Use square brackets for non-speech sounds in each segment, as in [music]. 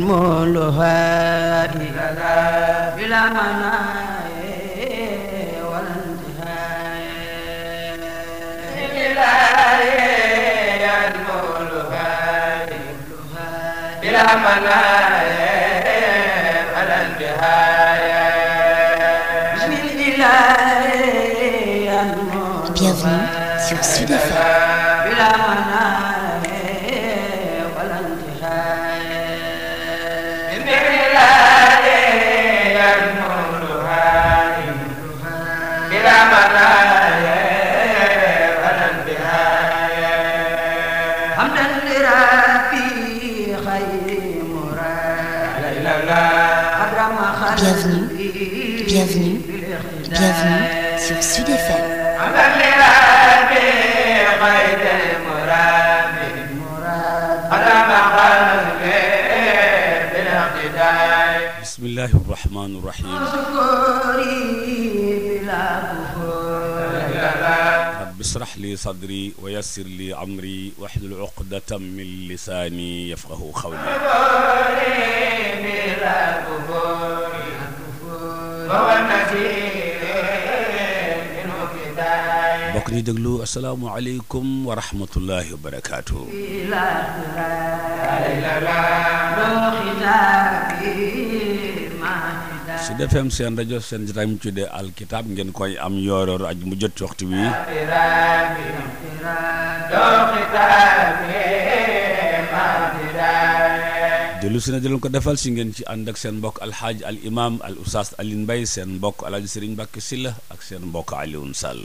مولها إلى بلا مناهي منايا على النهاية بسم الله Bienvenue sur Sud FM. Bienvenue, bienvenue sur Sud FM. bismillahi rahmaani rahim. rabbi israh li sadri wa yassir li amri wahlul uqdatan min lisaani yafqahu qawli bokk ñu déglu asalaamualeykum wa rahmatullahi wa barakaatu. su defee seen rajo seen jotaay mu tuddee alkitab ngeen koy am yoor-yoor ak mu jot waxtu wi. dellu si na jëloon ko defal si ngeen ci ànd ak seen mbokk alxaaj al imam al oustaz Alioune Mbaye seen mbokk alaaji Serigne Mbacke Sylla ak seen mbokk Alioune Sall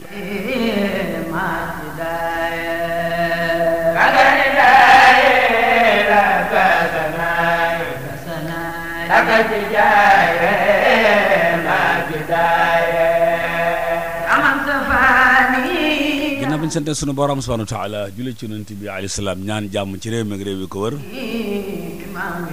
ginnaaw bi ñu sante sunu borom subhanahu wa taala julli ci yonent bi salaam ñaan jàmm ci réew mi ak réew sama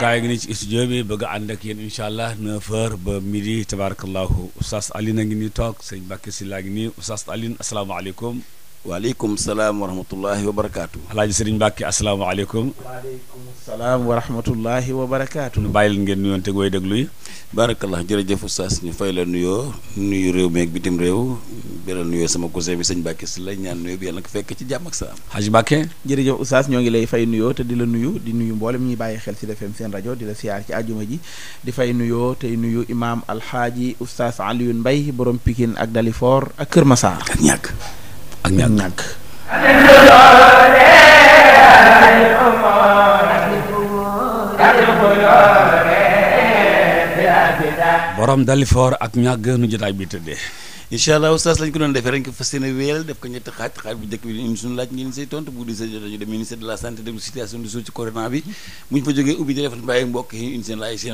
gars yi ngi nii ci studio bi bëgg ànd ak yéen incha allah 9h ba midi tabarakallahu oustaz Alioune a ngi nii toog sëñ Mbacke Sylla a ngi nii oustaz Alioune asalaamaaleykum. waaleykum salaam wa rahmatullahi wa barakaatu. alaaji sëriñ Mbàkke asalaamaaleykum. waaleykum salaam wa rahmatullahi wa barakaatu. nu bàyyi leen ngeen nuyoon te gooy déglu yi. barakallah jërëjëf oustaz ñu fay la nuyoo nuyu réew mi ak bitim réew beral nuyoo sama cousin bi sëñ Mbàkke si la ñaan nuyoo bi yàlla na fekk ci jàmm ak salaam. Haji Mbàkke. jërëjëf oustaz ñoo ngi lay fay nuyoo te di la nuyu di nuyu mboolem ñuy bàyyi xel ci defem seen rajo di la siyaar ci àjjuma ji di fay nuyoo tey nuyu imaam alxaaji oustaz Alioune Mbaye borom Pikine ak Dalifor ak Kër Massar ñàkk ak ñàkk borom dalifoor ak ñàgg nu jotaay bi tëddee incha allah oustaz lañ ko doon defee rek fas yéene wéyal def ko ñetti xaaj xaaj bu njëkk bi la santé déglu situation du suuf ci corona bi bu ñu fa jógee ubbi téléphone bàyyi mbokk yi indi seen laaj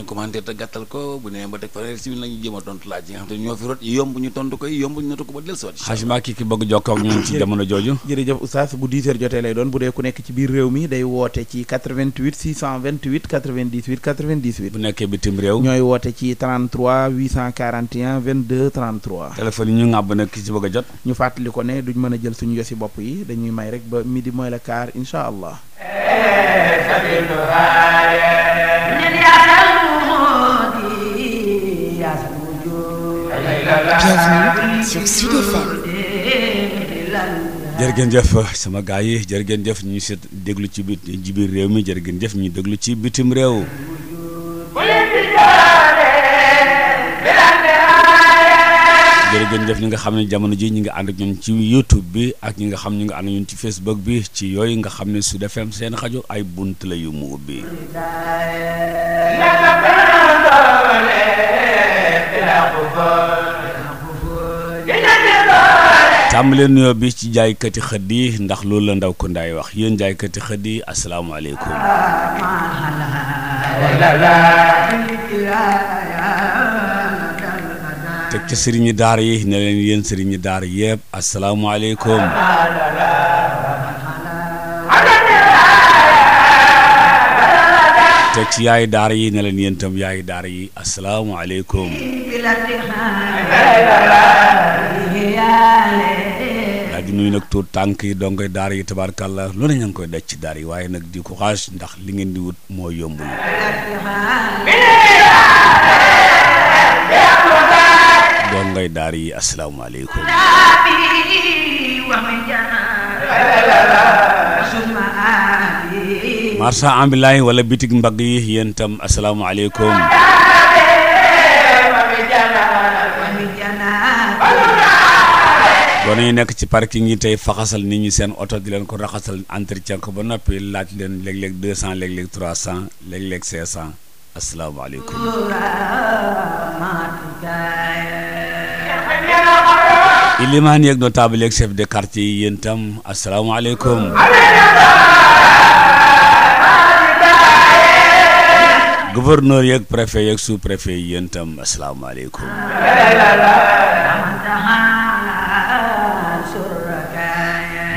bu nekkee bitim réew ñooy woote ci 33 841 li ñu ŋàbb nag ki ci bëgg a jot ñu fàttali ne duñ mën a jël suñu yosi bopp yi dañuy may rek ba midi mooy la kaar incha allah Bienvenue jëf sama gaa yi jërëgeen jëf ñu set déglu ci bit ci biir mi jërëgeen jëf ñu déglu ci bitim réew gën def ñi nga xam ne jamono ji ñu ngi ànd ak ñun ci YouTube bi ak ñi nga xam ñu ngi ànd ñun ci Facebook bi ci yooyu nga xam ne Sud FM seen rajo ay bunt la yu mu ubbi tàmbaleen nuyoo bi ci jaaykati xëdd yi ndax loolu la ndaw ko ndaay wax yéen jaaykati xëdd yi asalaamaaleykum teg ca sëriñi daara yi ne leen yéen sëriñi daara yëpp asalaamaaleykum teg ci yaayu daara yi ne leen yéen itam yaayu daara yi asalaamaaleykum daa di nag tuur tànk yi dongoy daara yi tabaarkàlla lu ne ña koy daj ci daara yi waaye nag di courage ndax li ngeen di wut moo yombul ndongoy daar yi asalaamaaleykum marsa ambilaay wala bitig mbagg yi yéen itam asalaamaaleykum gone nekk ci parking yi tey faxasal nit ñi seen oto di leen ko raxasal entretien ko ba noppi laaj leen léeg-léeg deux cent léeg-léeg ilimaan yeeg notable yeeg chef de quartier yi yéen itam asalaamaaleykum gouverneur yeeg préfet yeeg sous préfet yi yéen itam asalaamaaleykum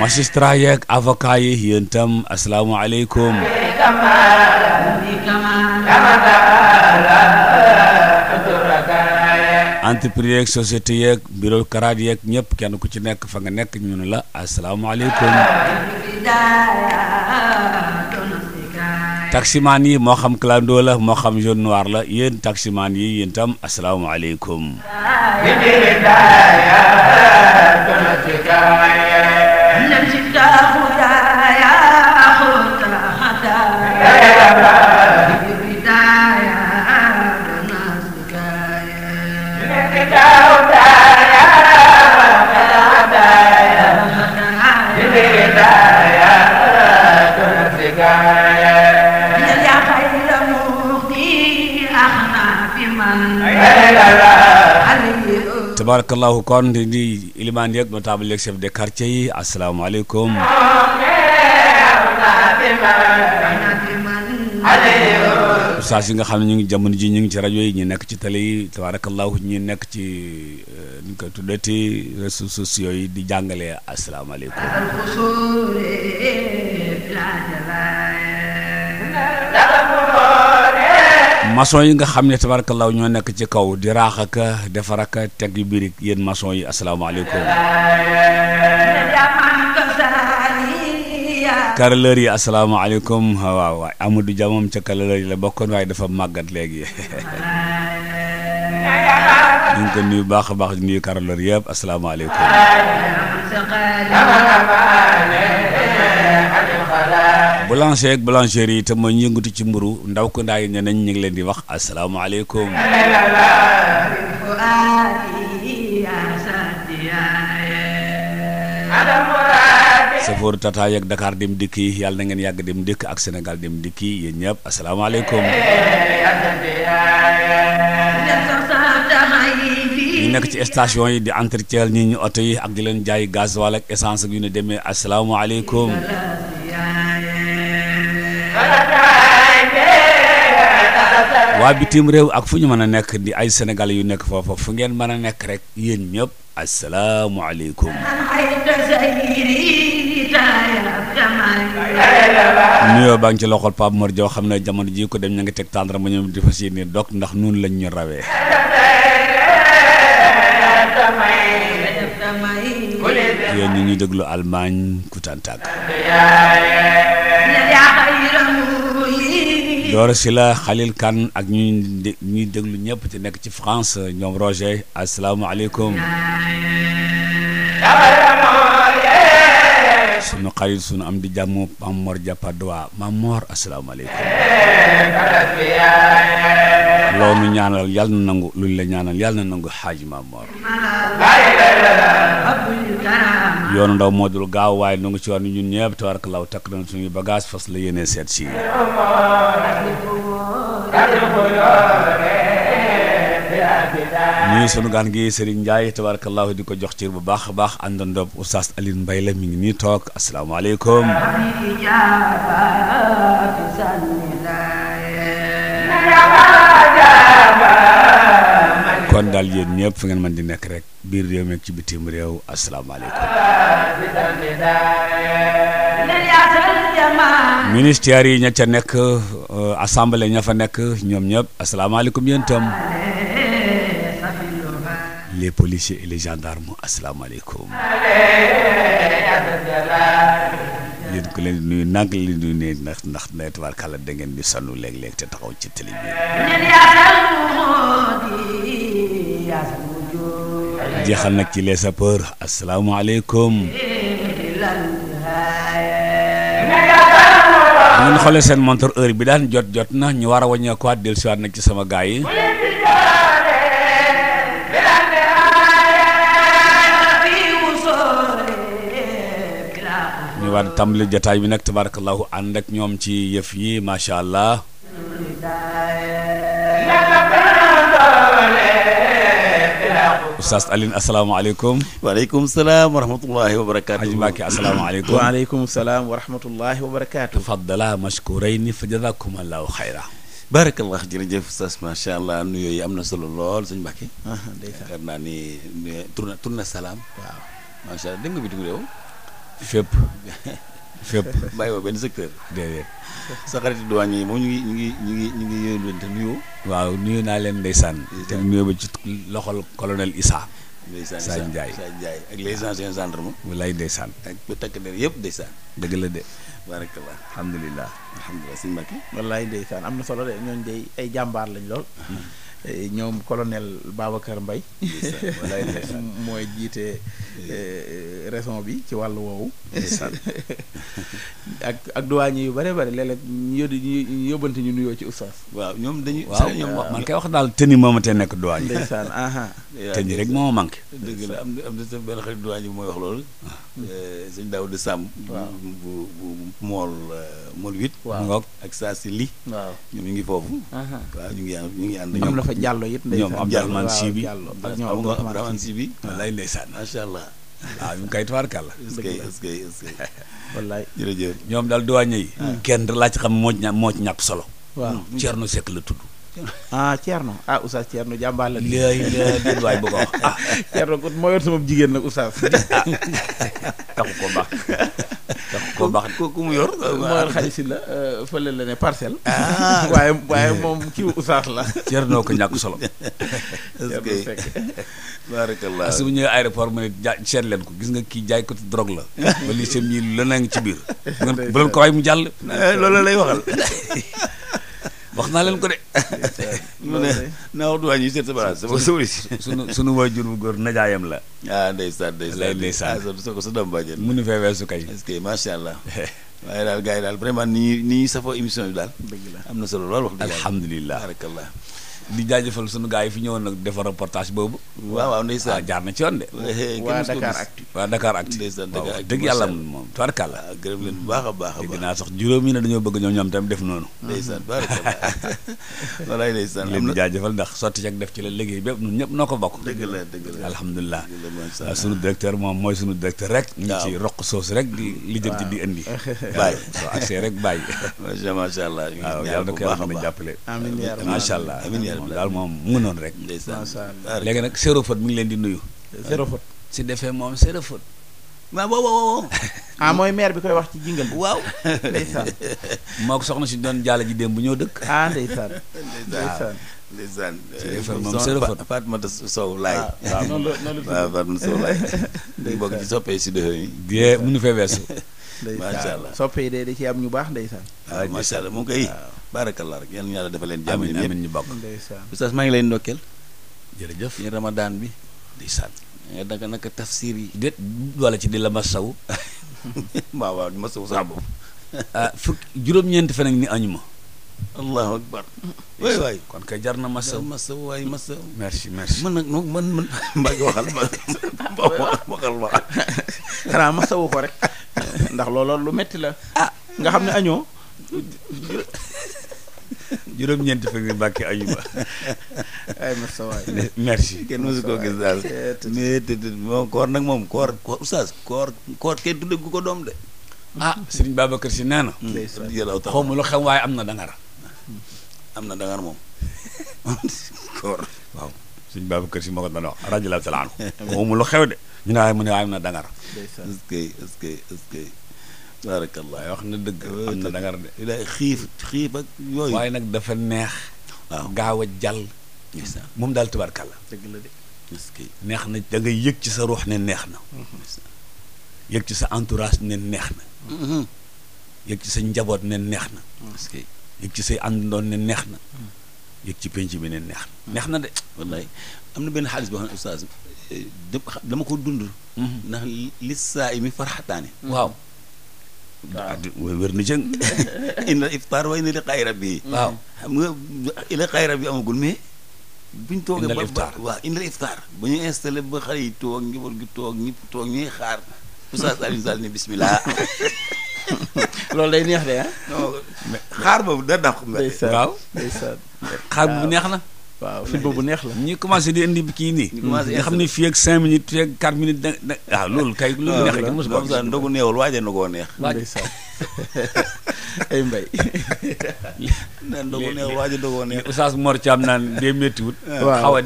magistrat yeeg avocat yi yéen itam asalaamaaleykum entreprise yeeg société yeeg bureau karaat yeeg ñëpp kenn ku ci nekk fa nga nekk ñu ne la asalaamaaleykum taximaan yi moo xam clando la moo xam jaune noir la yéen taximaan yi yéen tam asalaamaaleykum tabarakallahu kon di ilimaan yeeg notable yeeg chef de quartier yi asalaamaaleykum saa si nga xam ne ñu ngi jamono ji ñu ngi ci rajo yi ñu nekk ci télé yi tabarakallahu ñu nekk ci euh, ñu koy tuddati réseaux sociaux yi di jàngale asalaamaaleykum mason yi nga xam ne tabarakallah ñoo nekk ci kaw di raax ak defar ak teg yu biir yéen maçon yi asalaamaaleykum carreleur yi asalaamaaleykum waaw waaw Amadou Dia moom ca carreleur yi la bokkoon waaye dafa màggat léegi [laughs] ñu ngi ko nuyu baax a baax di nuyu karaloor yëpp asalaamaaleykum boulanger ak boulangerie yi te mooy yëngatu ci mburu ndaw ko ndaa yi ne nañ ñu leen di wax asalaamaaleykum safooru tata yeeg Dakar dem dikk yi yàlla na ngeen yàgg dem dikk ak senegal dem dikk yi yéen ñëpp asalaamaaleykum nekk ci station yi di entretien nit ñi oto yi ak di leen jaay gasoil ak essence ak yu ne demee asalaamaaleykum. waa bitim réew ak fu ñu mën a nekk di ay sénégalais yu nekk foofa fu ngeen mën a nekk rek yéen ñëpp asalaamualeykum nuyoo baa ngi ci loxol Pape Mor Diaw xam ne jamono ji ko dem ña ngi teg tàndara ma ñoom di fas yéene dog ndax noonu lañ ñu rawee yéen ñi ñuy déglu Allemagne Kutantak Doora Sila Khalil Kane ak ñu ñuy déglu ñëpp ci nekk ci France ñoom Roger asalaamaaleykum sunu xarit sunu am di jàmm Maam Mor Jàppa Duwaa Maam Mor asalaamaaleykum loo nu ñaanal yàlla na nangu luñ la ñaanal yàlla na nangu xaaji Maam Mor yoonu ndaw moo dul gaaw waaye nu ci war ni ñun ñëpp tabarakallaahu takk nañ suñuy bagage fas la yéenee seet si ñuy sunu gaan gi Serigne njaay tabarakallahu di ko jox ciir bu baax baax àndandoo oustaz Alioune Mbaye la mi ngi nii toog asalaamaaleykum kon daal yéen ñëpp fu ngeen mën di nekk rek biir réew mi ci bitim réew asalaamaaleykum ministère yi ña ca nekk euh, assemblée ña fa nekk ñoom ñëpp asalaamaaleykum yéen tam les policiers et les gendarmes asalaamaaleykum yéen ku leen nuyu nag li nuyu ne ndax ndax ne tabaarkàlla da ngeen di sanu léeg-léeg te taxaw ci télé bi jeexal nag ci les sapeurs asalaamaaleykum bu ngeen xoolee seen montre heure bi daan jot jot na ñu war a wàññeekuwaat dellusiwaat nag ci sama gars yi daal di tàmbali jataay bi nag tabarakallahu ànd ak ñoom ci yëf yi macha allah. Oustaz Alioune asalaamaaleykum. waaleykum salaam wa rahmatullahi wa allah nuyoo yi am na solo lool sëñ allah dégg nga bitim réew fépp [laughs] fépp. bàyyi woo benn secteur. déedéet. sa xarit douane yi moom ñu ngi ñu ngi ñu ngi ñu ngi yéen leen te nuyoo. waaw nuyu naa leen ndeysaan. te nuyoo ba ci loxol colonel Issa. ndeysaan Issa Ndiaye Issa Ndiaye ak les anciens gendarmes. walaay ndeysaan. ak bu takk der yëpp ndeysaan. dëgg la de. barakallah alhamdulilah. alhamdulilah sëñ Mbacke. walaay ndeysaan am na solo de ñooñu day ay jàmbaar lañ lool. [laughs] Eh, ñoom colonel baabakër mbay [laughs] mooy jiite eh, raison bi ci wàll woowu [laughs] ak ak duwaañi yu bare bare léeg-léeg ñu yóbbante ñu nuyoo ci oustaz waaw ñoom dañuy waaw ñoom man kay wax daal tëni mooma te nekk duwaañ ndeysaan aha [laughs] tëni rek mooma manqué dëgg la am na am na sa benn xarit duwaañ bi mooy wax loolu ah. sëñ Daawuda Sàmm bu bu mool euh, mool huit waaw ak saa si li waaw ñoom ñu ngi foofu waaw ñu ngi ànd ñu ngi ànd ñoom am na fa jàllo it ñoom abdurahman si bi ak ñoom si bi wallaay ndeysaan macha allah [laughs] waaw ñu ngi koy tubaarkàl la est-ce que est-ce que [laughs] ñoom daal duwaañe yi ah. kenn laaj xam moo ci ñàkk moo ci ñàkk solo waaw Cerno hmm. Sekk la tudd ah Thierno ah Oustaz Thierno jàmbaar la. léegi léegi waay ko wax [laughs] ah. Thierno kon moo yor ah, mu yor. Ah, moo yor ah. la euh, fële la [laughs] ko ñàkk solo. [laughs] est-ce que leen ko gis nga kii jaay la. ci biir. bu leen ko waay mu jàll. Eh, loolu lay waxal. wax naa leen ko de. mu ne naa wax du waa ñuy seet ba sama sori sunu sunu waajur wu góor najaayam la. ah ndeysaan ndeysaan ndeysaan soo ko su doom bàjjen mënu fee weesu kay. est macha allah. [laughs] waaye daal gars yi daal vraiment nii ñuy ni ñuy émission bi daal. dëgg la am na solo lool wax dëgg yàlla alhamdulilah. barakallah di jaajëfal sunu gars yi fi ñëwoon nag defar reportage boobu. waaw waaw ndeysaan ah, jaar na ci yoon de. waa Dakar Actu waa Dakar Actu. yàlla moom tubarkàlla. waaw ah, gërëm leen bu baax a baax a baax. dinaa sax juróom yi ne dañoo bëgg ñoom ñoom tamit def noonu. ndeysaan barakalla [laughs] walaay ndeysaan. leen di jaajëfal ndax sotti ceeg def ci la liggéey bépp ñun ñëpp noo ko bokk. dëgg la dëgg la alhamdulilah. Ah, sunu directeur moom mooy sunu directeur rek. ñu ci roq soos rek di li jëm ci di indi. [laughs] bàyyi soo accès rek bàyyi. [laughs] macha allah. waaw yàlla na ko yàlla mën a jàppale. moom daal moom mu ngi noonu rek. ndeysaan léegi mu ngi leen di nuyu. Eh, Serap Fat si defee moom Serap Fat. waaw waaw waaw. Ah, mooy maire bi koy wax ci jingal bi. waaw [laughs] moo ko soxna si doon jàll ji démb bu ñëw dëkk. ah ndeysaan. [laughs] ndeysaan ndeysaan. Serap Fat moom eh, Serap Fat Fatmata Sow laay. Ah, waaw noonu la noonu [laughs] soppee si dëkk yi. bien fee weesu. macha allah soppe de ci am ñu baax ndeysaan waaw ah, macha allah mu ngi koy baarakallah rek yal na yàlla defal leen jàmm amiin ñu bokk ndeysaan oustaz maa ngi lay ndokkeel jërëjëf ci ramadaan bi ndeysaan eh, nga danga naka tafsir yi déet wala ci di la masaw [laughs] waaw waaw masaw saa boobu [laughs] ah fukk juróom-ñeenti fan ak ni añu ma allahu akbar waay waay kon kay jar na masaw masaw waay masaw merci merci man nag man man [laughs] waxal ma waxal ma xanaa masawu ko rek ndax looloo lu metti la. ah nga xam ne añoo. juróom-ñeenti fekk ni bàkke ayuba ay ma merci kenn mosu koo gis daal mais moom koor nag moom koor koor koor koor kenn tudde ko doom de ah sëriñ Babacar si nee na xaw ma lu xam waaye am na dangar am na dangar moom [laughs] koor waaw sëriñ Babacar si moo ko daan wax rajo la taala anhu xaw lu xew de ñu ne waaye mu ne waaye am na dangar baarakallah wax na dëgg. am na dangar de xiif xiif ak yooyu. waaye nag dafa neex. waaw gaaw a jàll. moom daal tubaarkàlla. dëgg la de. neex na da ngay yëg ci sa ruux ne neex na. Mm-hmm. yëg ci sa entourage ne neex na. Mm-hmm. yëg ci sa njaboot ne neex na. yëg ci say àndandoon ne neex na. Mm. yëg ci penc bi ne neex na. Mm. neex na de. am na benn xaalis boo xam ne oustaz eh, dama ko dund. Mm-hmm. ndax li saa yi mi farxataane. waaw. waaw wér na jëng [laughs] ina iftaar way na li xay rab yi waaw xam nga ila xay rab bi amagul mais buñ toogee ba waaw ina iftaar ba ñu installé ba xale yi toog njaboot gi toog ñëpp toog ñuy xaar Oustaz Alioune Sall ne bismillah [laughs] loolu day neex de ah xaar boobu da dàq waaw xaar boobu neex na waaw film bu neex la. ñu commencé di indi kii nii. ñu xam ne fi ak 5 minutes fii ak 4 minutes da waaw loolu kay. loolu koo neex. ndeysaan [laughs] ay mbay. [laughs] naan ndogu a dee métti. waaw [laughs] ah,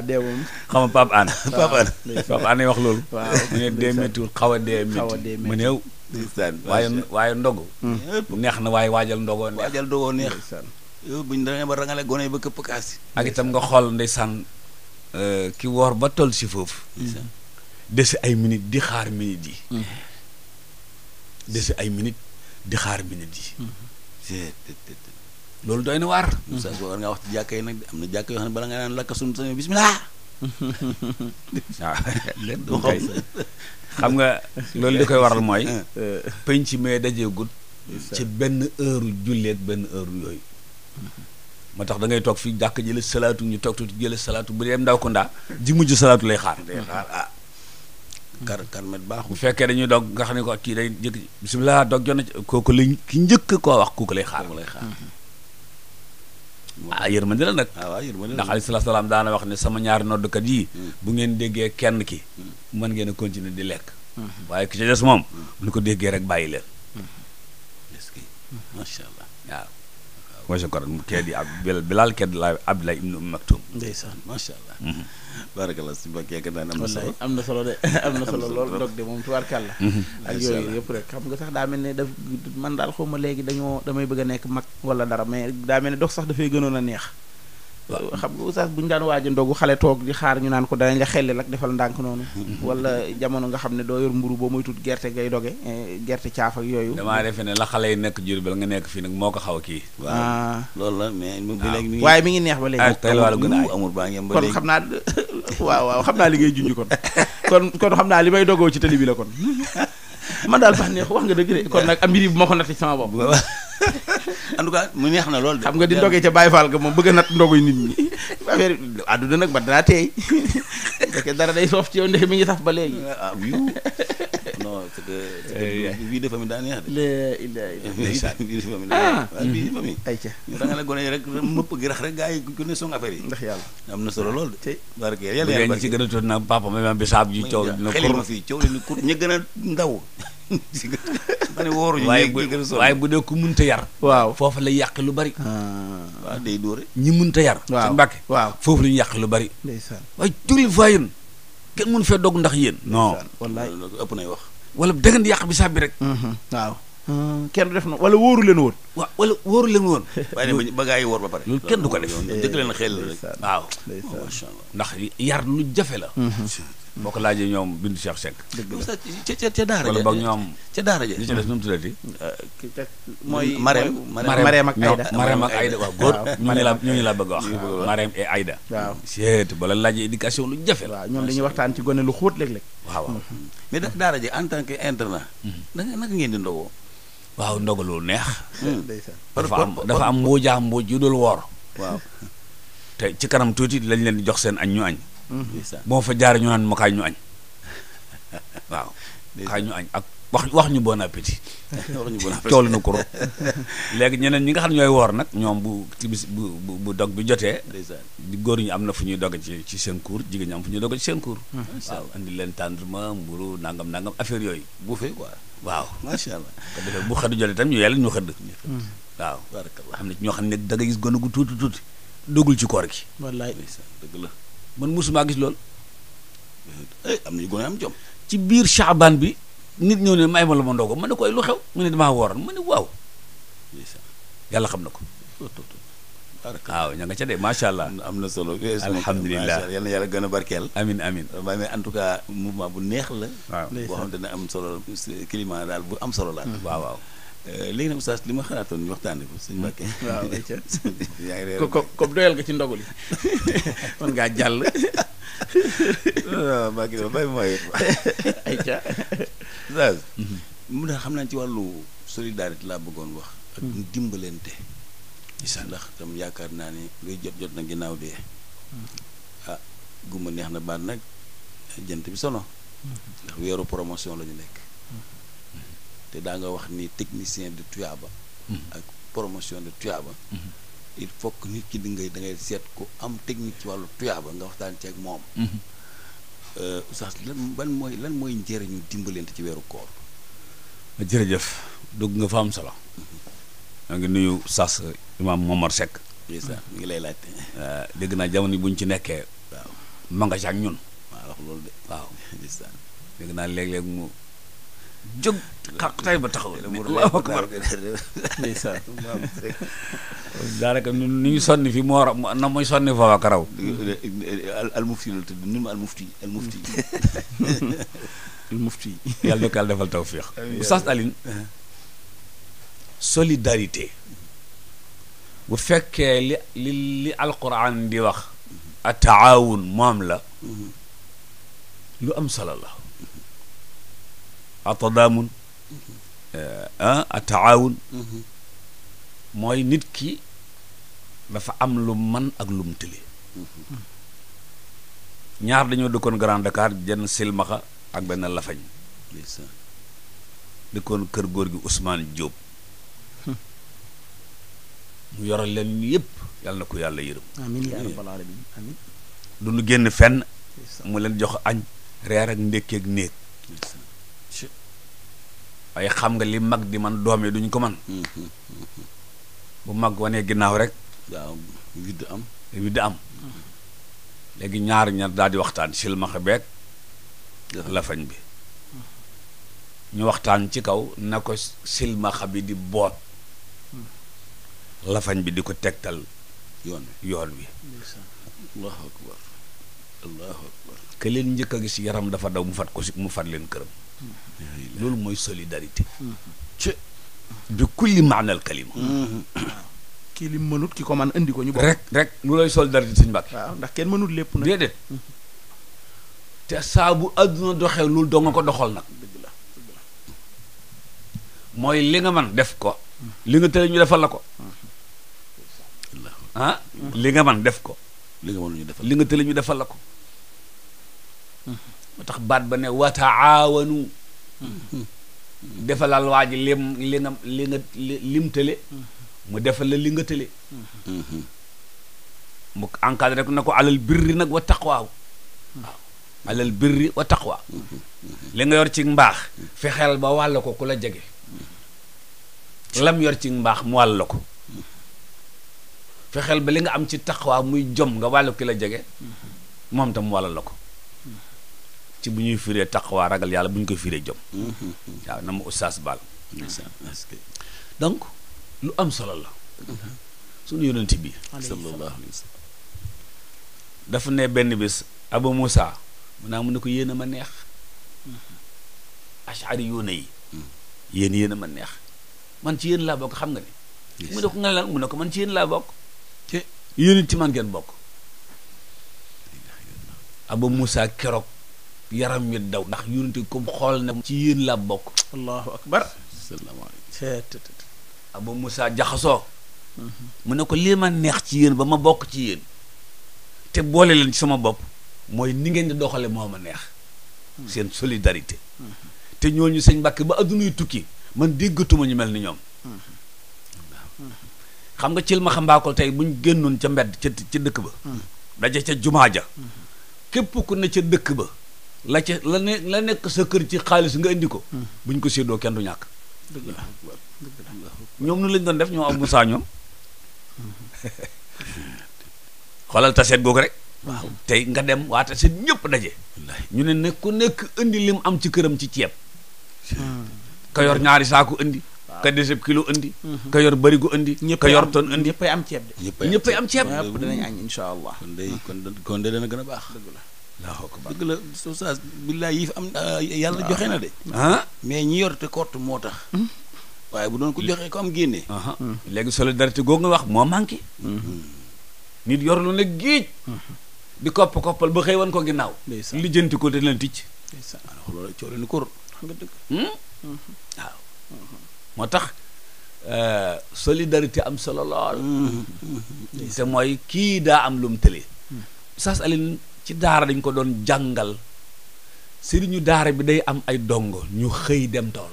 dee moom. xam mu waaye waaye ndogu. Mm. neex na waaye waajal ndogoo neex. yow buñ demee ba rangale gone yi ba këpp kaas ak itam nga xool ndeysaan euh, ki woor ba toll si foofu desi ay minute di xaar minute yi mm. desi ay minute di xaar minute yi mm. loolu na waar mm. sa ko war ngaa wax ci am na jàkka yoo xam ne nga naan lakka sum sami bismillah [laughs] ah, [laughs] waaw xam nga loolu li koy waral mooy [laughs] euh, penc mee dajeegut ci benn heure julleeg benn heure yooyu moo tax dangay toog fii jàkk jële salaatu ñu toog tuuti jële salaatu bu dem ndaw ko ndaa ji mujj salaatu lay xaar day hmm. ah, xaar ah kar karmet baaxu bu fekkee dañuy dog nga xam ne ko kii day jëkk bisimilah doog jot na kooku la ki njëkk koo wax kooku lay xaar la xaar hmm. ah yërmande la nag ah, ndax alayhi salaatu salaam daana wax ne sama ñaari noddkat yi hmm. bu ngeen déggee kenn ki mën ngeen a continuer di lekk waaye ki ci moom bu ko déggee rek bàyyi leen macha allah wa shukran mu keedi ab bilaal keedi laa Abdoulaye ibnu Umm Maktum ndeysaan macha allah mhm. barakallah si mbokk yeeg naan am na solo am na solo [laughs] am na solo lool dog de moom tubaarkàlla mhm. ak yooyu yëpp rek xam nga sax daa mel ne daf man daal xaw ma léegi dañoo damay bëgg a nekk mag wala dara mais daa mel ne dox sax dafay gënoon a neex xam nga oustaz bu ñu daan waaj a ndogu xale toog di xaar ñu naan ko danañ la xelli lak defal ndànk noonu [laughs] wala jamono nga xam ne doo yor mburu boo muy tut gerte ngay doge eh, gerte caaf ak yooyu damaa defe xale yi nekk Jurbel nga nekk fii nag moo ko xaw a kii ah. waaw la mais bi ah. léegi mi waaye mi ngi neex ba léegi ah, tey wàllu gën a amul baa ngeen ba léegi kon xam naa [laughs] waaw waaw xam naa li ngay kon [laughs] kon kon xam naa li may dogoo ci télé bi la kon man daal baax neex wax nga dëgg de kon nag am mbir yi bu ma ko natt sama bopp en tout cas mu neex na lool de. xam nga di ndogee ca baay Fall ga moom bëgg a nat ndogu nit ñi affaire àdduna nag man danaa teey day soof ci yow ndex mi ngi saf ba léegi. ah oui ah, non c'est que. vie eh, eh. de famille daa neex de. la [laughs] ah. gone yi rek mëpp gi rax rek gars yi ku ne song affaire yi. ndax yàlla am na solo lool de. tey barke yàlla yàlla barke bu dee ñu ci gën a tudd nag papa ma bi saab ji coow. xelil ma fii coow li ñu gën a ndaw. ma [laughs] ne wóoruñu waaye bu dee ku munta yar waaw foofu lay yàq lu bari ah. waaw day dóore ñi munta yar suñ mbàkke waaw foofu la ñu yàq lu bari ndeysaan waaye jógleen faa yéen kenn mun fee dog ndax yéen non wallaay ëpp nay wax wala da yàq bi saab rek mm-hmm. waaw hmm. kenn du na wala leen woon waaw wala leen woon [laughs] waaye ba gaa yi wóor ba pare loolu kenn du ko def eh, dëkk leen xel rek waaw oh, macha ndax yar lu jafe la mm-hmm. boo ko laajee ñoom bindu Cheikh Seck. dëgg la ca ca daara ja wala boog ñoom. ca daara ja li ci des nu mu tuddati. mooy Marème Marème ak Aïda Marème ak góor ñooñu la ñooñu bëgg wax. Marème et Aïda. waaw seet bala laajee éducation lu jafe la. waaw ñoom dañuy waxtaan ci gone lu xóot léeg-léeg. waaw waaw mm-hmm. mais nag daara ji en tant que internat. Mm-hmm. naka ngeen di ndogoo. waaw ndogu lu neex. Mm-hmm. dafa am dafa am mboojaa yu dul woor. waaw te ci kanam tuuti lañ leen di jox seen añ ñu añ. boo fa jaar ñu naan ma kaay ñu añ [laughs] waaw kaay ñu añ ak wax [laughs] wax ñu bon appétit cool na kuro [laughs] léegi ñeneen ñi nga xam ne ñooy woor nag ñoom bu tibis bu bu dog bi jotee góor ñi am na fu ñuy doge ci ci seen cour jigéen ñi am fu ñuy doge ci seen cour hmm. waaw andi leen tendrement mburu nangam nangam affaire yooyu bu fee waaw macha allah ko defee bu xëdd jotee ñu yàlla ñu xëdd hmm. waaw xam ne ñoo xam ne da nga gis gone gu tuuti tuuti duggul ci koor gi wallaay dëgg la man mosumaa gis lool. Eh, am nañu gone am jom. ci biir Chaabaan bi nit ñëw ne may ma la ma ndogo ma ne koy lu xew mu ne damaa wooran ma ne waaw. yàlla xam na ko. waaw ña nga ca de macha am na solo. Eh, alhamdulilah yal na yàlla gën a barkeel. amin amin waaye mais en tout cas mouvement bu neex la. waaw boo xam ne dana am solo climat daal bu am solo la. waaw waaw. Euh, léegi nag oustaz li ma xalaatoon ñu waxtaanee ko sëñ Mbacke. waaw [laughs] yaa ngi ko comme doyal nga ci ndogul yi [laughs] mën ngaa jàll. waaw [laughs] ah, Mbacke ba mhm. mu daal xam naa ci wàllu solidarité laa bëggoon wax. ak mhm. dimbalante. isa ndax tam yaakaar naa ni luy jot jot na ginnaaw dee. Mhm. ah gumba neex na baat nag jënt bi sono ndax weeru promotion la ñu nekk. te daa nga wax ni technicien de tuyaaba hmm. ak promotion de tuyaaba hmm. il faut que nit ki di ngay da ngay seet ku am technique ci wàllu tuyaaba nga waxtaan ceeg moom hmm. euh, oustaz lan ban mooy lan mooy njëriñu dimbalante ci weeru koor jërëjëf dugg nga fa am solo maa ngi nuyu sas imaam Momar Seck mi ngi lay laajte euh, dégg naa jamono yi bu ñu ci nekkee waaw ma nga ak ñun waaw loolu de waaw [laughs] dégg naa léeg-léeg jóg xaqtaay ba taxaw allahu akbar ndeysaan [laughs] daanaka ni ñu sonni fi moo na muy sonni foofa karaw al mufti la tudd nun ma al mufti al mufti [laughs] al mufti yàlla ñu ko yàlla defal tawfiix Oustaz Alioune uh-huh. solidarité bu fekkee li li li alquran di wax uh-huh. a taawun moom la uh-huh. lu am solo la atadaamun eh, ah, ataawun mm-hmm. mooy nit ki dafa am lu man ak lu mu mm-hmm. ñaar dañoo dëkkoon Grand Dakar jenn silmaxa ak benn lafañ dëkkoon kër góor gi Ousmane Diop mm-hmm. mu yoral leen yëpp yàlla na ko yàlla yërëm amiin nu génn fenn mu leen jox añ reer ak ndékki néeg waaye xam nga li mag di man doom yi duñ ko man hmm, hmm, hmm, bu mag wanee ginnaaw rek waaw widd am widd am léegi ñaar ñaar daal di waxtaan silmaxa beeg lafañ bi ñu waxtaan ci kaw na ko silmaxa bi di boot lafañ bi di ko tegtal yoon yoon wi allahu njëkk a gis yaram dafa daw mu fat ko si mu fat leen këram loolu mooy solidarité ci bi kulli maanal kalima kii li mënut ki ko man indi ko ñu bokk rek rek lu lay solidarité suñu mbàkk ndax kenn mënut lépp nag déedéet te saa bu àdduna doxee loolu doo nga ko doxal nag dëgg mooy li nga man def ko li nga tële ñu defal la ko ah li nga man def ko li nga mën li nga tële ñu defal la ko hmm. moo tax baat ba ne wataawanu defalal waa ji lim li nga li nga lim tële mu defal la li nga tële mu encadré rek na ko alal birri nag wa taqwaa waaw alal birri wa taqwa li nga yor ci mbaax fexeel ba wàll ko ku la jege lam yor ci mbaax mu wàll ko fexeel ba li nga am ci taqwa muy jom nga wàll ki la jege moom tam wàll la ko ci bu ñuy firee taqwa ragal yàlla bu ñu ko firee jom mm-hmm. waaw na ma ustaas baal donc lu am solo la mm-hmm. suñu yonent bi dafa ne benn bis abu moussa mu naa ah, mun ne ko yéen ma neex mm-hmm. ashari yoona yi yéen yéen a ma neex man ci yéen laa bokk xam nga ne mu ne ko nga lan mu ne ko man ci yéen laa bokk yéen ci man ngeen bokk abu musa keroog yaram mi daw ndax yonente comme xool na ci yéen la bokk allahu akbar salaamaaleykum abu moussa jaxasoo mhm. mu ne ko lii ma neex ci yéen ba ma bokk ci yéen te boole leen ci sama bopp mooy ni ngeen di doxale moo ma neex mhm. seen solidarité mhm. te ñooñu sëñ Mbàkke ba addunuy tukki man déggatuma ñu mel ni ñoom xam nga cil ma xam mbaakol tey bu génnoon ca mbedd ca ca dëkk ba daje ca jumaa ja képp ku ne ca dëkk ba la ca la ne la nekk sa kër ci xaalis nga indi ko. Hmm. bu ñu ko séddoo kenn du ñàkk. dëgg la ñoom nu lañ doon def ñoo am Moussa ñoom. xoolal taseet googu rek. waaw tey nga dem waa taseet ñëpp daje. ñu ne ne ku nekk indi lim am ci këram ci ceeb. Hmm. ka ñaari saako indi. ka deseb kilo indi. Hmm. ka yor barigo indi. ka yor ton indi ñëppay am ceeb de. ñëppay am ceeb ñëppay am ceeb. danañ añ incha allah. kon de kon de dana gën a baax. dëgg la. dëgg la soo saa billaay yi fi am yàlla joxe na de ah. mais ñi yor te kott moo tax hmm? waaye bu doon ko joxee ko am génnee ah, ah. hmm. léegi solidarité googu nga wax moo manqué hmm. nit yor lu ne géej di kopp koppal ba xëy wan ko ginnaaw li jënti de dina ticc loolu coow ni kur nga dëgg waaw moo tax euh, am solo lool te mooy kii daa am lu mu tëlee ci daara dañ ko doon jàngal sëriñu daara bi day am ay dongo ñu xëy dem tool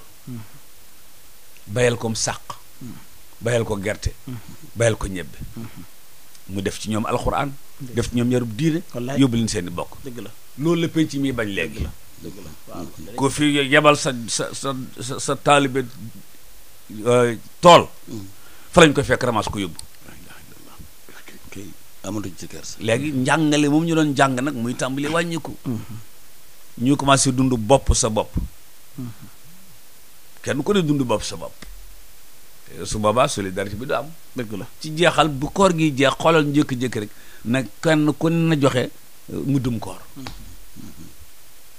bayal ko sàq bayal ko gerte bayal ko ñebbe mu def ci ñoom alxuraan def ci ñoom yarub diine yóbbu leen seeni bokk dëgg la loolu la mi bañ léegi la dëgg la ku fi yebal sa sa sa sa taalibe euh, tool mm. fa lañ ko fekk ramas ko yóbbu amatuñ ci kersa. léegi njàngale moom ñu doon jàng nag muy tàmbali wàññiku ñu commencé dundu bopp sa bopp. kenn ku ne dundu bopp sa bopp. su boobaa solidarité bi du am. dëgg la ci jeexal bu koor gi jeex xoolal njëkk-njëkk rek nag kenn ko ne na joxe euh, muddum koor.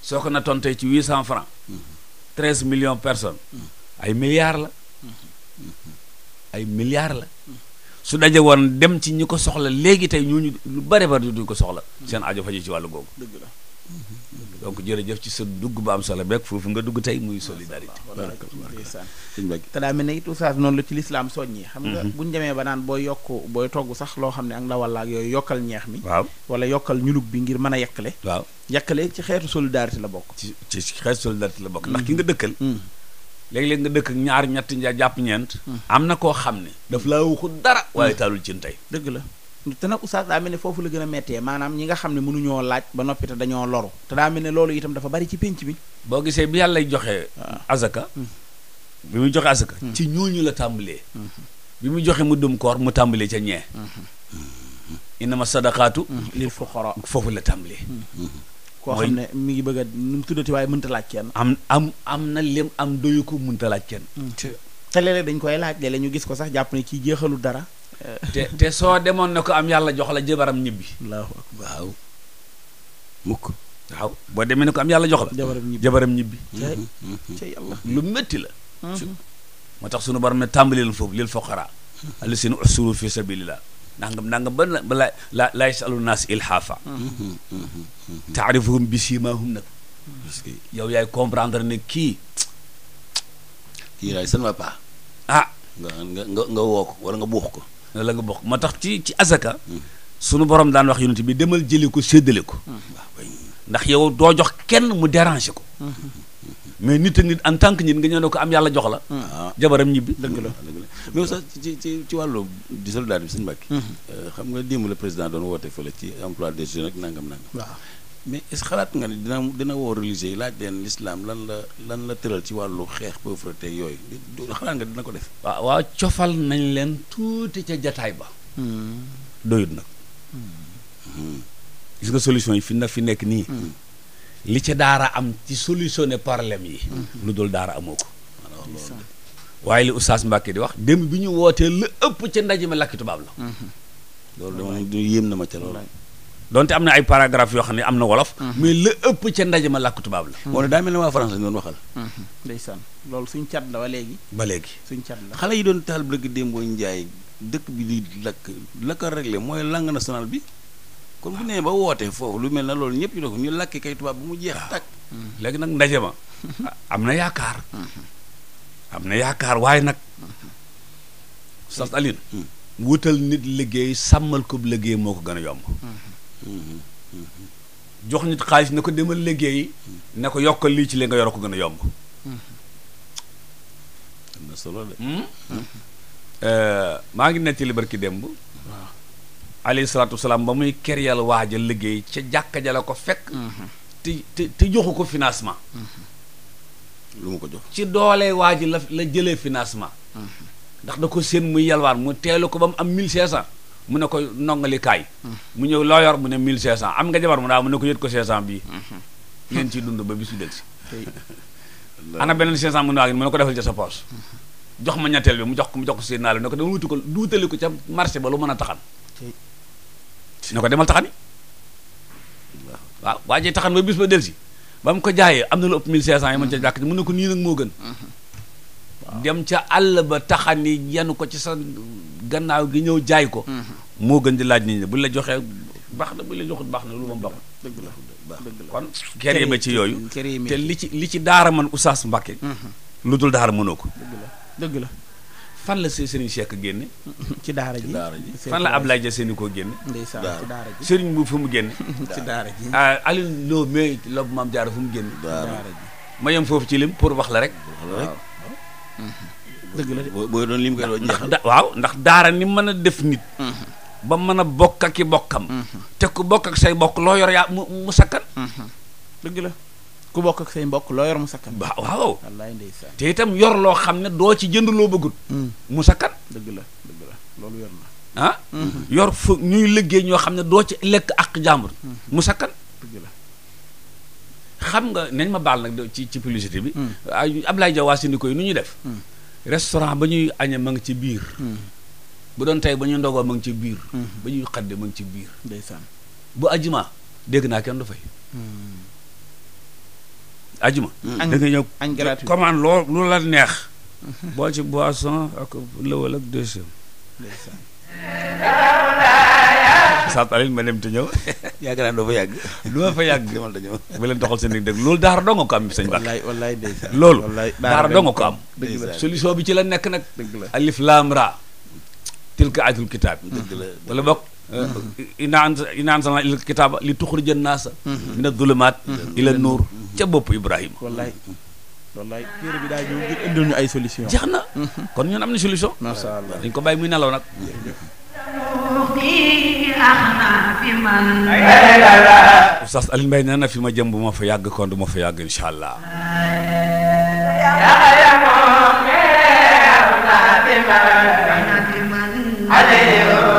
soo ko na tontee ci huit cent francs. treise million personne ay milliards la. ay milliards la. su daje woon dem ci ñi ko soxla léegi tey ñu lu bare bari duñ ko soxla seen ajo faju ci wàllu googu dëgg la donc jërëjëf ci sa dugg ba am solo beeg foofu nga dugg tey muy solidarité te daa mel ne it oustaz noonu la ci lislaam soññi xam nga mhm. buñu demee ba naan booy yokk booy togg sax loo xam ne ak ndawal ak yooyu yokkal ñeex mi waaw wala yokkal ñulug bi ngir mën a yekkale waaw yekkale ci xeetu solidarité la bokk ci ci xeetu solidarité la bokk ndax mhm. ki nga dëkkal mhm. léeg-léeg nga dëkk ñaar ñetti nja jàpp ñeent. Hmm. am na koo xam ne. daf laa waxu dara. waaye hmm. taalul cin tey. dëgg la te nag oustaz daa mel ne foofu la gën a méttee maanaam ñi nga xam ne mënuñoo laaj ba noppi te dañoo loru. te daa mel ne loolu itam dafa bari ci pénc bi. boo gisee bi yàlla joxe. Ah. azaka. Hmm. bi muy joxe azaka. ci ñuul ñu la tàmbalee. bi mu joxee mu dum koor mu tàmbalee ca ñee. innama sadaqaatu. lil fuqara foofu la tàmbalee. koo xam ne mi ngi bëgg a nu mu tuddati waaye mënta laaj kenn. am am am na lem am doyu ko munta laaj kenn. Mm. te léeg-léeg dañ koy laaj léeg ñu gis ko sax jàpp ne kii jeexalu dara. te soo demoon na ko am yàlla jox la jabaram ñibbi. allahu akbar boo demee ne ko yàlla jox la. jabaram ñibbi jabaram ñibbi. ca mm-hmm. mm-hmm. yàlla lu métti la. Mm-hmm. moo tax sunu borom ne tàmbalil foofu lil fuqara. allasina usuru fi nangam nangam ba la la la laa yasalu naas ilhaafa taarifuhum bi siimaahum nag yow yaay comprendre ne kii kii laay sën ah. nga nga nga woo ko wala nga buux ko wala nga buux ko moo tax ci ci asaka sunu borom daan wax yonent bi demal jëli ko séddale ko mm-hmm. ndax yow doo jox kenn mu déranger ko mm-hmm. mais nit ak nit en tant que nit nga ñëw ne ko am yàlla jox la. Hmm. Ah. jabaram ñibbi. dëgg la dëgg la mais sax ci ci wàllu di soldat bi sëñ Mbacke. Hmm. Euh, xam nga démb la président doon woote fële ci emploi des jeunes ak nangam nangam. waaw mais est xalaat nga ni dina dina woo religieux yi laaj leen lislaam lan la lan la tëral ci wàllu xeex tey yooyu xalaat nga dina ko def. waaw waaw cofal nañ leen tuuti ca jataay ba. Hmm. doyut nag. gis nga solution yi fi na fi nekk nii. li ca daara am ci solutionner problème yi lu dool daara amoo ko waaye li oustaz Mbacke di wax démb bi ñu wootee la ëpp ca ndaje ma làkki tubaab la loolu dama na ma ca loolu donte am na ay paragraphe yoo xam ne am na wolof mhm. mais ëpp ca ndaje ma làkki tubaab la wala daa mel ne waa France lañu doon waxal mhm. ndeysaan loolu suñ cat la ba léegi ba léegi suñ cat la xale yi doon taal bëgg démboo njaay dëkk bi di lakk la ko réglé mooy langue nationale bi kon bu nee ba wootee foofu lu mel na loolu ñëpp ñu ne ko ñu lakki kay tubaab bu mu jeex tàkk léegi nag ndaje ma am na yaakaar am na yaakaar waaye nag sas alin wutal nit liggéey sàmmal ko liggéey moo ko gën a yomb jox nit xaalis ne ko demal liggéey ne ko yokkal lii ci li nga yor ko gën a yomb hmm? Hmm? Hmm? Eh, maa ngi nettali barki démb alayhi salaatu wasalaam ba muy ker yàlla waajal liggéey ca jàkka ja la ko fekk mhm. te te te joxu ko financement mhm. lu mu ko jox ci doolee waa ji la la jëlee financement mhm. ndax da ko seen muy yalwaan mu teelu ko ba mu am 1500 mu ne ko nongali kaay mu ñëw loo yor mu ne mille 1500 am nga jabar mu daa ah mu ne ko yët ko 500 bi ngeen ciy dund ba bis bi del si [laughs] ana beneen 500 mu ne waa mu ne ko defal ca sa poche jox ma ñetteel bi mu jox ko mu jox ko seen naa la ne ko dama wuti ko ca marché ba mën a taxan na ko demal taxani waaw waa jee taxan ba bis ba del si ba mu ko jaayee am na lu ëpp 1500 yi mën ca jàkk mën na ko nii nag moo gën dem ca àll ba taxani yenn ko ci sa gannaaw gi ñëw jaay ko mm-hmm. moo gën di laaj nii ñi bu la joxee baax na bu la joxut baax na lu moom baaxul dëgg la dëgg la kon kere ma ci yooyu te li ci li ci daara man Oustaz Mbacké mm-hmm. lu dul daara mënoo ko dëgg la fan la see Serigne Cheikh génne. ci daara ji fan la Ablaye Dia seeni koo génne. ndeysaan ci fu mu génne. ci daara ji ah Alioune Lo mais maam Diarra fu mu génne. daara foofu ci lim pour wax la rek. dëgg la de booy doon lim koy ndax waaw ndax daara ni mën a def nit. Mhm. ba mën a bokk ak i bokkam. Mhm. te ku bokk ak say bokk loo yor yaa mu sakkan. Mhm. la. ku bokk ak say mbokk loo yor mu sakkan waaw waaw wallaay ndeysaan te itam yor loo xam ne doo ci jënd loo bëggut hmm. mu sakkan dëgg la loolu yor na ah? hmm. yor fu ñuy liggéey ñoo xam ne doo ci lekk ak jàmbur hmm. mu sakkan dëgg la xam nga nañ ma baal nag ci ci publicité bi Ablaye Diaw waa Sindiko yi nu ñuy def restaurant ba ñuy añe ma ngi ci biir bu doon tey ba ñuy ndogoo ma ngi ci biir ba ñuy xadde ma ngi ci biir ndeysaan bu ajuma dégg naa kenn du fay ajuma. Mm. da ngay ñëw commande loo loolu la neex. boo ci boisson ak lëwal ak deuxième. sant Alioune [laughs] ma dem te ñëw. [laughs] yàgg naa doo fa yàgg. du ma fa yàgg. demal te ñëw bu leen doxal seen i dëgg loolu daara dong ko am sëñ Ba. wallaay wallaay ndeysaan dong ko am. dëgg la bi ci la nekk nag. dëgg la alif laam ra. tilka ayatul kitaab. dëgg la wala bokk. inaan uh, inaan sana il kitaaba li tuxrija naasa mina zulumaat ila nuur ca bopp Ibrahima bi ay solution jeex na kon ñun am na solution masha Allah dañ ko bàyyi muy nelaw nag Oustaz Alioune Mbaye nee na fi ma jëm bu ma fa yàgg kon du ma fa yàgg insha Allah